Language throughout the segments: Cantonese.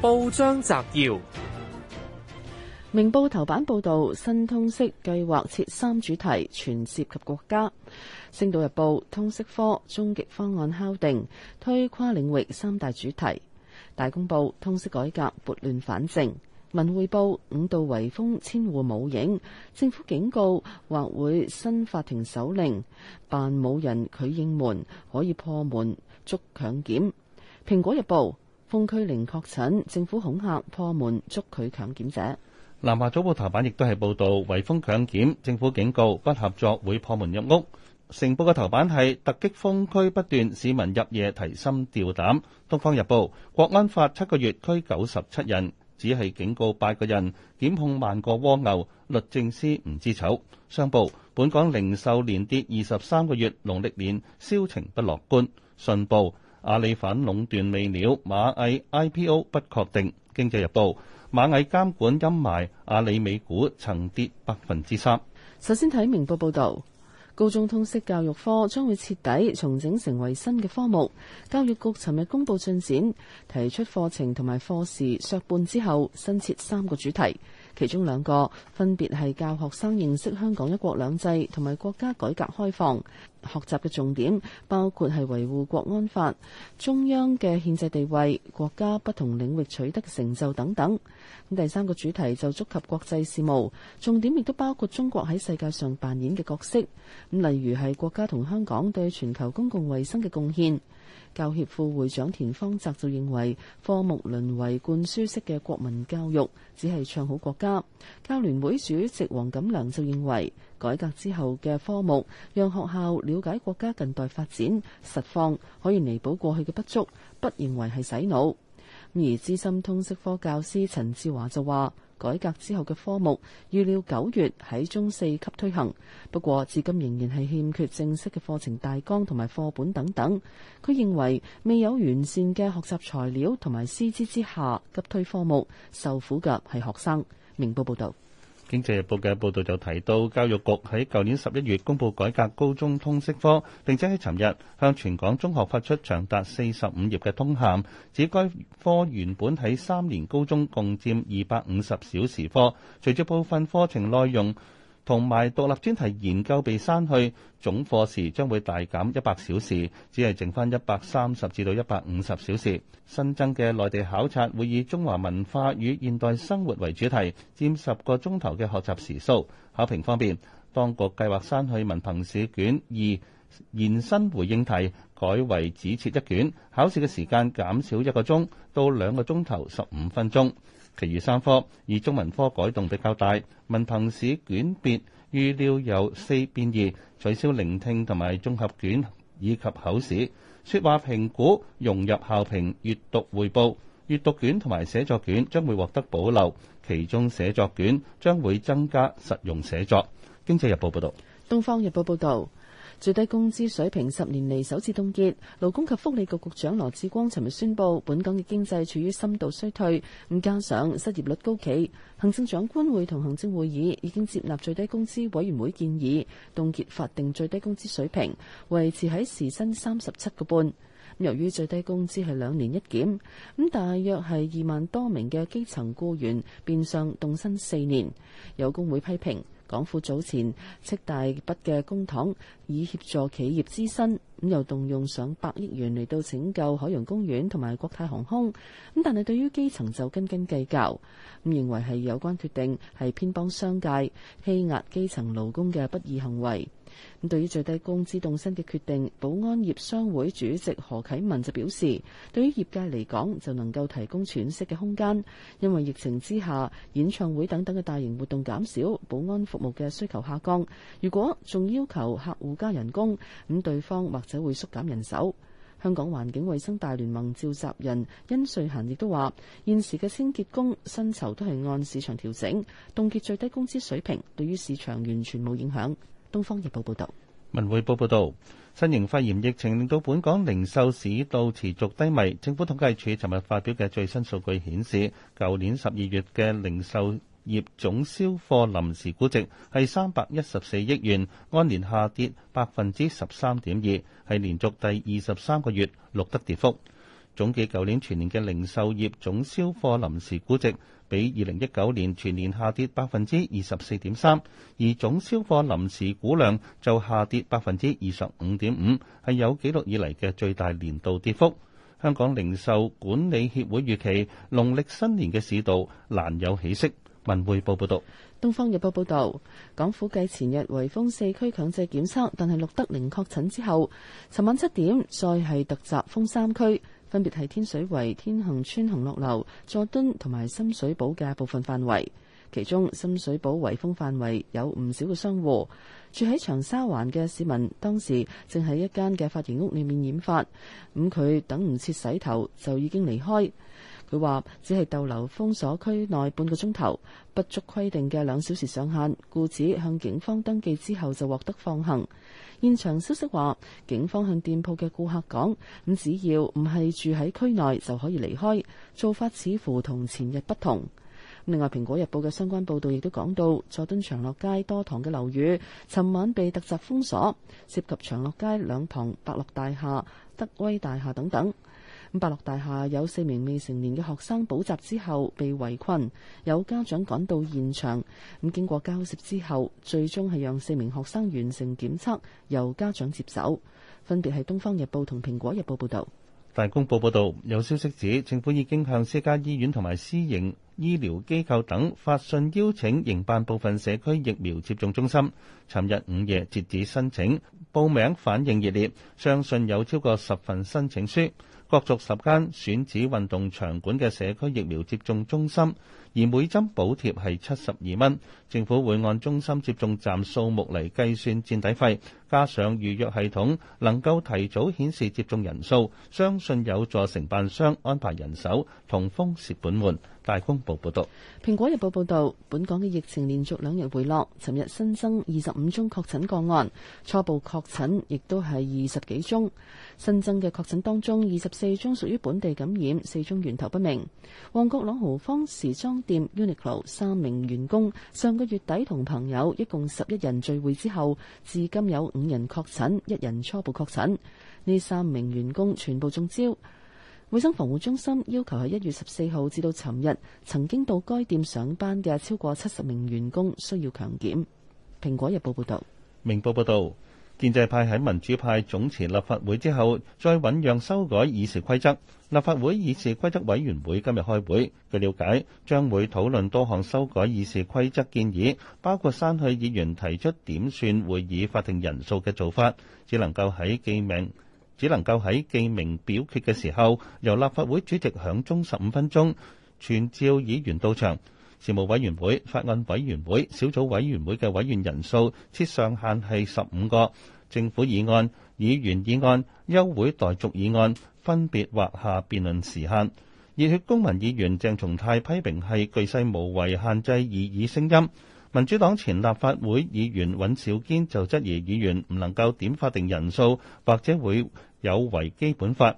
報章摘要：明報頭版報道，新通識計劃設三主題，全涉及國家。星島日報通識科終極方案敲定，推跨領域三大主題。大公報通識改革撥亂反正。文匯報五道圍封千戶冇影，政府警告或會新法庭手令，辦冇人許應門可以破門捉強檢。蘋果日報。封區零確診，政府恐嚇破門捉佢強檢者。南華早報頭版亦都係報道圍封強檢，政府警告不合作會破門入屋。成報嘅頭版係突擊封區不斷，市民入夜提心吊膽。東方日報國安法七個月拘九十七人，只係警告八個人。檢控萬個蝸牛，律政司唔知醜。商報本港零售連跌二十三個月，農曆年銷情不樂觀。信報。阿里反壟斷未了，螞蟻 IPO 不確定。經濟日報，螞蟻監管陰霾，阿里美股曾跌百分之三。首先睇明報報導，高中通識教育科將會徹底重整，成為新嘅科目。教育局尋日公布進展，提出課程同埋課時削半之後，新設三個主題，其中兩個分別係教學生認識香港一國兩制同埋國家改革開放。學習嘅重點包括係維護國安法、中央嘅憲制地位、國家不同領域取得嘅成就等等。咁第三個主題就觸及國際事務，重點亦都包括中國喺世界上扮演嘅角色。咁例如係國家同香港對全球公共衛生嘅貢獻。教協副會長田方澤就認為，科目淪為灌輸式嘅國民教育，只係唱好國家。教聯會主席黃錦良就認為，改革之後嘅科目，讓學校了解國家近代發展實況可以彌補過去嘅不足，不認為係洗腦。而資深通識科教師陳志華就話改革之後嘅科目預料九月喺中四級推行，不過至今仍然係欠缺正式嘅課程大綱同埋課本等等。佢認為未有完善嘅學習材料同埋師資之下急推科目，受苦嘅係學生。明報報道。經濟日報嘅報導就提到，教育局喺舊年十一月公布改革高中通識科，並且喺尋日向全港中學發出長達四十五頁嘅通函，指該科原本喺三年高中共佔二百五十小時科。隨住部分課程內容，同埋獨立專題研究被刪去，總課時將會大減一百小時，只係剩返一百三十至到一百五十小時。新增嘅內地考察會以中華文化與現代生活為主題，佔十個鐘頭嘅學習時數。考評方面，當局計劃刪去文憑試卷二延伸回應題，改為只設一卷。考試嘅時間減少一個鐘到兩個鐘頭十五分鐘。其餘三科，而中文科改動比較大。文憑試卷別預料由四變二，取消聆聽同埋綜合卷以及口試，說話評估融入校評，閱讀匯報、閱讀卷同埋寫作卷將會獲得保留，其中寫作卷將會增加實用寫作。經濟日報報道，東方日報報道。最低工資水平十年嚟，首次凍結，勞工及福利局局，局長羅志光尋日宣布，本港嘅經濟處於深度衰退，咁加上失業率高企，行政長官會同行政會議已經接納最低工資委員會建議，凍結法定最低工資水平，維持喺時薪三十七個半。由於最低工資係兩年一檢，咁大約係二萬多名嘅基層僱員變相凍薪四年。有工會批評。港府早前斥大筆嘅公帑，以協助企業資薪，咁又動用上百億元嚟到拯救海洋公園同埋國泰航空，咁但係對於基層就斤斤計較，咁認為係有關決定係偏幫商界，欺壓基層勞工嘅不義行為。對於最低工資凍薪嘅決定，保安業商會主席何啟文就表示，對於業界嚟講，就能夠提供喘息嘅空間，因為疫情之下演唱會等等嘅大型活動減少，保安服務嘅需求下降。如果仲要求客戶加人工，咁對方或者會縮減人手。香港環境衛生大聯盟召集人殷瑞嫻亦都話：現時嘅清潔工薪酬都係按市場調整，凍結最低工資水平，對於市場完全冇影響。東方日報報道，文匯報報道，新型肺炎疫情令到本港零售市道持續低迷。政府統計處尋日發表嘅最新數據顯示，舊年十二月嘅零售業總銷貨臨時估值係三百一十四億元，按年下跌百分之十三點二，係連續第二十三個月錄得跌幅。總計，舊年全年嘅零售業總銷貨臨時估值比二零一九年全年下跌百分之二十四點三，而總銷貨臨時估量就下跌百分之二十五點五，係有記錄以嚟嘅最大年度跌幅。香港零售管理協會預期，農曆新年嘅市道難有起色。文匯報報道：《東方日報》報道，港府繼前日圍封四區強制檢測，但係錄得零確診之後，尋晚七點再係突襲封三區。分別係天水圍天恆村恆樂樓、佐敦同埋深水埗嘅部分範圍，其中深水埗圍封範圍有唔少嘅商戶住喺長沙灣嘅市民，當時正喺一間嘅髮型屋裏面染髮，咁佢等唔切洗頭就已經離開。佢話只係逗留封鎖區內半個鐘頭，不足規定嘅兩小時上限，故此向警方登記之後就獲得放行。現場消息話，警方向店鋪嘅顧客講：咁只要唔係住喺區內就可以離開。做法似乎同前日不同。另外，《蘋果日報》嘅相關報導亦都講到，佐敦長樂街多幢嘅樓宇，尋晚被突襲封鎖，涉及長樂街兩旁百樂大廈、德威大廈等等。白樂大廈有四名未成年嘅學生補習之後被圍困，有家長趕到現場。咁經過交涉之後，最終係讓四名學生完成檢測，由家長接手。分別係《東方日報》同《蘋果日報》報導。大公報報導，有消息指政府已經向私家醫院同埋私營醫療機構等發信邀請，營辦部分社區疫苗接種中心。尋日午夜截止申請報名，反應熱烈，相信有超過十份申請書。各續十間選址運動場館嘅社區疫苗接種中心。而每針補貼係七十二蚊，政府會按中心接種站數目嚟計算墊底費。加上預約系統能夠提早顯示接種人數，相信有助承辦商安排人手同豐節本門。大公報報道，蘋果日報報道，本港嘅疫情連續兩日回落，尋日新增二十五宗確診個案，初步確診亦都係二十幾宗。新增嘅確診當中，二十四宗屬於本地感染，四宗源頭不明。旺角朗豪坊時裝店 Uniqlo 三名員工上個月底同朋友一共十一人聚會之後，至今有五人確診，一人初步確診。呢三名員工全部中招。衛生防護中心要求喺一月十四號至到尋日曾經到該店上班嘅超過七十名員工需要強檢。蘋果日報報道，明報報道。建制派喺民主派總辭立法會之後，再醞釀修改議事規則。立法會議事規則委員會今日開會，據了解將會討論多項修改議事規則建議，包括刪去議員提出點算會議法定人數嘅做法，只能夠喺記名只能夠喺記名表決嘅時候，由立法會主席響鐘十五分鐘，傳召議員到場。事務委員會、法案委員會、小組委員會嘅委員人數設上限係十五個。政府議案、議員議案、休會待續議案分別劃下辯論時限。熱血公民議員鄭松泰批評係巨細無遺限制異議聲音。民主黨前立法會議員尹兆堅就質疑議員唔能夠點法定人數，或者會有違基本法。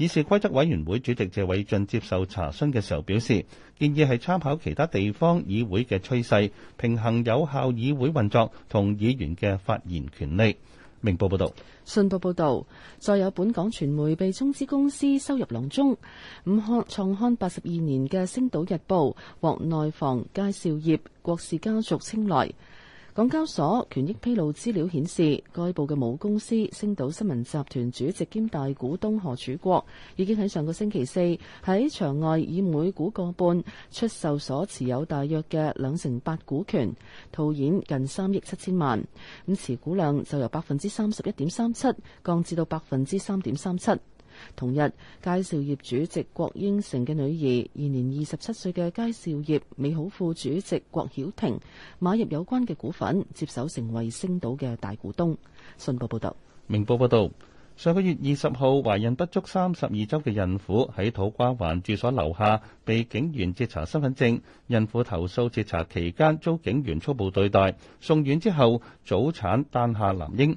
議事規則委員會主席謝偉俊接受查詢嘅時候表示，建議係參考其他地方議會嘅趨勢，平衡有效議會運作同議員嘅發言權利。明報報道：信報報道，再有本港傳媒被中資公司收入囊中。五刊創刊八十二年嘅《星島日報》獲內房佳兆業郭氏家族青睞。港交所權益披露資料顯示，該部嘅母公司星島新聞集團主席兼大股東何柱國已經喺上個星期四喺場外以每股個半出售所持有大約嘅兩成八股權，套現近三億七千萬。咁持股量就由百分之三十一點三七降至到百分之三點三七。同日，佳兆業主席郭英成嘅女兒，現年二十七歲嘅佳兆業美好副主席郭曉婷，買入有關嘅股份，接手成為星島嘅大股東。信報報道，明報報道，上個月二十號懷孕不足三十二周嘅孕婦喺土瓜灣住所樓下被警員截查身份證，孕婦投訴截查期間遭警員粗暴對待，送院之後早產誕下男嬰。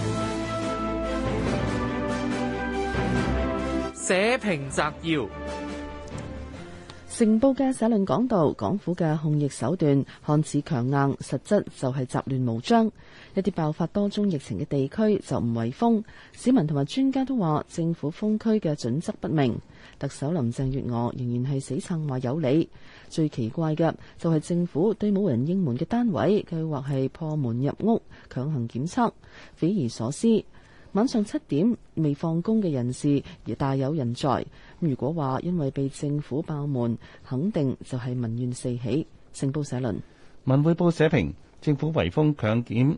社評摘要：成報嘅社論講到，港府嘅控疫手段看似強硬，實質就係雜亂無章。一啲爆發多宗疫情嘅地區就唔圍封，市民同埋專家都話政府封區嘅準則不明。特首林鄭月娥仍然係死撐話有理。最奇怪嘅就係政府對冇人應門嘅單位，計劃係破門入屋強行檢測，匪夷所思。晚上七點，未放工嘅人士亦大有人在。如果話因為被政府爆門，肯定就係民怨四起。成報社論，文匯報社評，政府圍封強檢。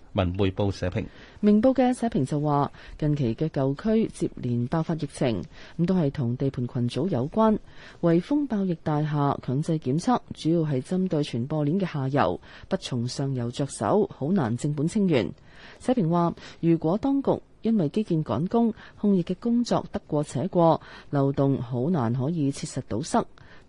文匯報社評，明報嘅社評就話，近期嘅舊區接連爆發疫情，咁都係同地盤群組有關。為風爆疫大廈強制檢測，主要係針對傳播鏈嘅下游，不從上游着手，好難正本清源。社評話，如果當局因為基建趕工，控疫嘅工作得過且過，漏洞好難可以切實堵塞。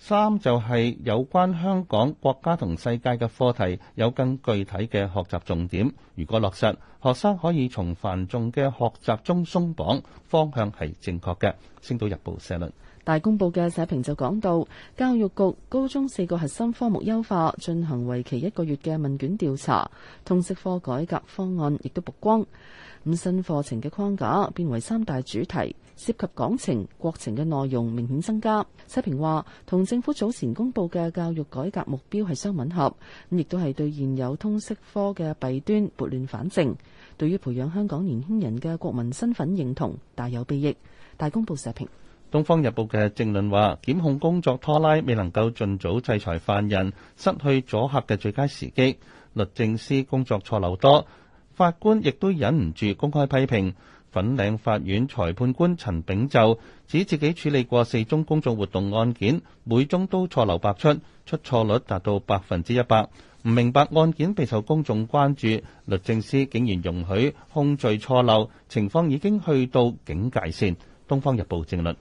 三就係有關香港國家同世界嘅課題有更具體嘅學習重點，如果落實，學生可以從繁重嘅學習中鬆綁，方向係正確嘅。星島日報社論。大公報嘅社評就講到，教育局高中四個核心科目優化進行，為期一個月嘅問卷調查，通識科改革方案亦都曝光。咁新課程嘅框架變為三大主題，涉及港情國情嘅內容明顯增加。社評話，同政府早前公布嘅教育改革目標係相吻合，亦都係對現有通識科嘅弊端撥亂反正，對於培養香港年輕人嘅國民身份認同大有裨益。大公報社評。《東方日報》嘅政論話，檢控工作拖拉，未能夠盡早制裁犯人，失去阻嚇嘅最佳時機。律政司工作錯漏多，法官亦都忍唔住公開批評。粉嶺法院裁判官陳炳就指，自己處理過四宗公眾活動案件，每宗都錯漏百出，出錯率達到百分之一百。唔明白案件備受公眾關注，律政司竟然容許控罪錯漏，情況已經去到警戒線。《東方日報》政論。